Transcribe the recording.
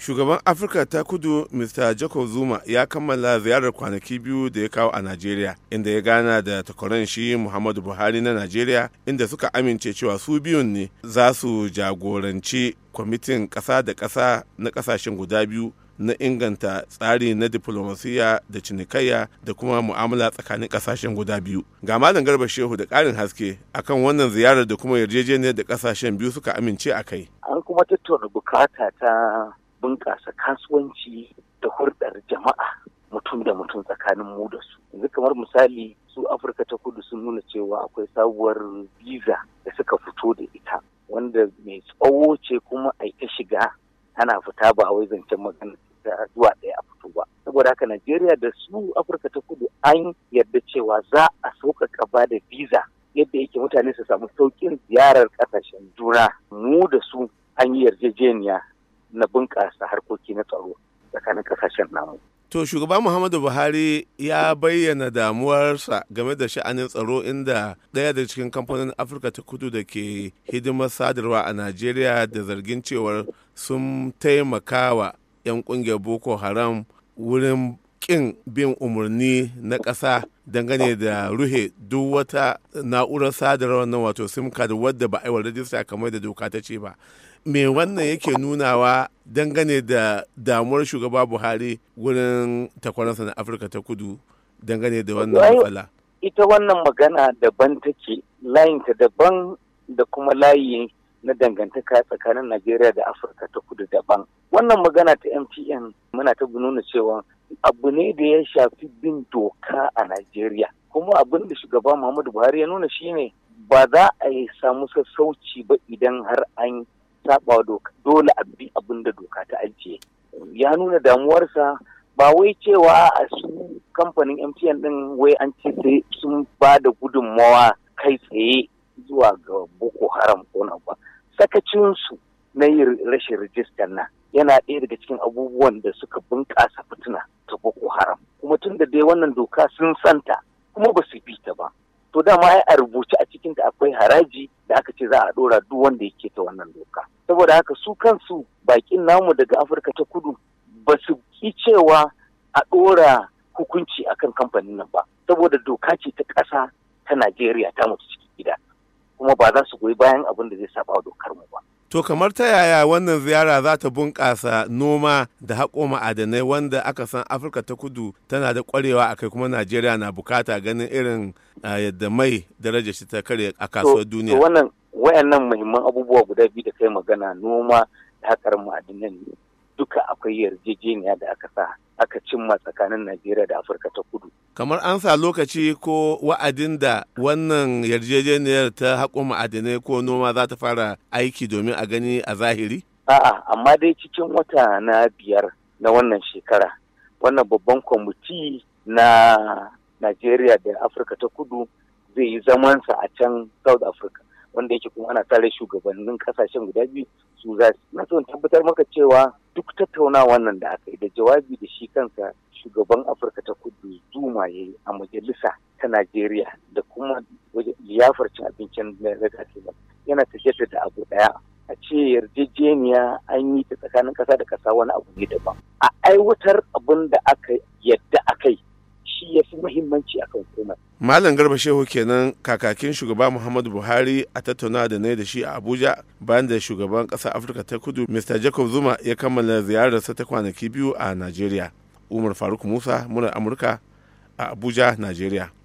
shugaban afirka ta kudu mr jacob zuma ya kammala ziyarar kwanaki biyu da ya kawo a najeriya inda ya gana da takwaran shi muhammadu buhari na najeriya inda suka amince cewa su biyun ne za su jagoranci kwamitin ƙasa da ƙasa na ƙasashen guda biyu na inganta tsari na diplomasiya da cinikayya da kuma mu'amala tsakanin ƙasashen guda biyu ga malam garba shehu da ƙarin haske akan wannan ziyarar da kuma yarjejeniyar da kasashen biyu suka amince a kai an kuma tattauna bukata ta bunƙasa kasuwanci da hulɗar jama'a mutum da mutum tsakanin mu da su yanzu kamar misali su afirka ta kudu sun nuna cewa akwai sabuwar visa da suka fito da ita wanda mai tsawo ce kuma a ita shiga ana fita ba wai zancen magana zuwa ɗaya a fito ba saboda haka najeriya da su afirka ta kudu an yarda cewa za a sauƙaƙa ba da visa yadda yake mutane su samu sauƙin ziyarar ƙasashen juna mu da su an yi yarjejeniya na bunƙasa harkoki na tsaro tsakanin ƙasashen namu. To shugaba Muhammadu Buhari ya bayyana damuwarsa game da sha'anin tsaro inda ɗaya da cikin kamfanin Afirka ta kudu da ke hidimar sadarwa a Najeriya da zargin cewar sun taimakawa 'yan ƙungiyar Boko Haram wurin ƙin bin umarni na ƙasa dangane da ruhe duk wata na'urar sadarwar nan wato sim card wadda ba aiwa rajista kamar da doka ta ce ba me wannan yake nunawa dangane da damuwar shugaba buhari wurin takwaransa na afirka ta kudu dangane da wannan matsala ita wannan magana daban take layinta daban da kuma layi na dangantaka tsakanin najeriya da afirka ta kudu daban wannan magana ta mtn muna ta nuna cewa abu ne da ya shafi bin doka a Najeriya. Kuma abin da shugaba Muhammadu Buhari ya nuna shi ne. ba za a yi samu sassauci ba idan har an saba doka dole a bi abin da doka ta ajiye. Ya nuna damuwarsa ba wai cewa a su kamfanin MTN din wai an ce sai sun ba da gudunmawa kai tsaye zuwa ga Boko Haram ko ba. Sakacinsu na yi rashin rijistar nan yana ɗaya daga cikin abubuwan da suka bunƙasa fituna haram kuma tun da dai wannan doka sun santa kuma ba su bi ta ba to dama ai a rubuce a cikin ta akwai haraji da aka ce za a dora duk wanda yake ta wannan doka saboda haka su kansu bakin namu daga afirka ta kudu ba su ki cewa a dora hukunci akan kamfanin nan ba saboda doka ce ta ƙasa ta najeriya ta mutu cikin gida kuma ba za su goyi bayan abin da zai saba dokar mu ba To kamar ta yaya wannan ziyara za ta bunƙasa noma da haƙo ma'adanai wanda aka san Afirka ta kudu tana da ƙwarewa a kai kuma Najeriya na bukata ganin irin yadda mai daraja shi ta kare a kasuwar duniya. Wannan wayannan muhimman abubuwa guda biyu da kai magana noma da haƙar ma'adanai duka akwai yarjejeniya da aka sa aka cimma tsakanin Najeriya da Afirka ta kudu. Kamar an sa lokaci ko wa'adin da wannan yarjejeniyar ta haƙo ma'adinai ko noma za ta fara aiki domin a gani a zahiri? A'a, amma dai cikin wata na biyar na wannan shekara, wannan babban kwamiti na Najeriya da Afirka ta kudu zai yi zamansa a can South Africa. wanda yake kuma ana tare shugabannin kasashen guda biyu su za su na tabbatar maka cewa duk tattaunawa nan da aka yi da jawabi da shi kansa shugaban afirka ta kudu zuma ya yi a majalisa ta najeriya da kuma liyafar cin abincin da ake yana tafiyar da abu daya a ce yarjejeniya an yi ta tsakanin kasa da kasa wani abu ne daban a aiwatar abin da aka yadda akai shi ya fi muhimmanci akan komai malam garba shehu kenan kakakin shugaba muhammadu buhari a tattauna da na da shi a abuja bayan da shugaban ƙasar afirka ta kudu mr jacob zuma ya kammala ziyararsa ta kwanaki biyu a najeriya umar faruk musa murar amurka a abuja najeriya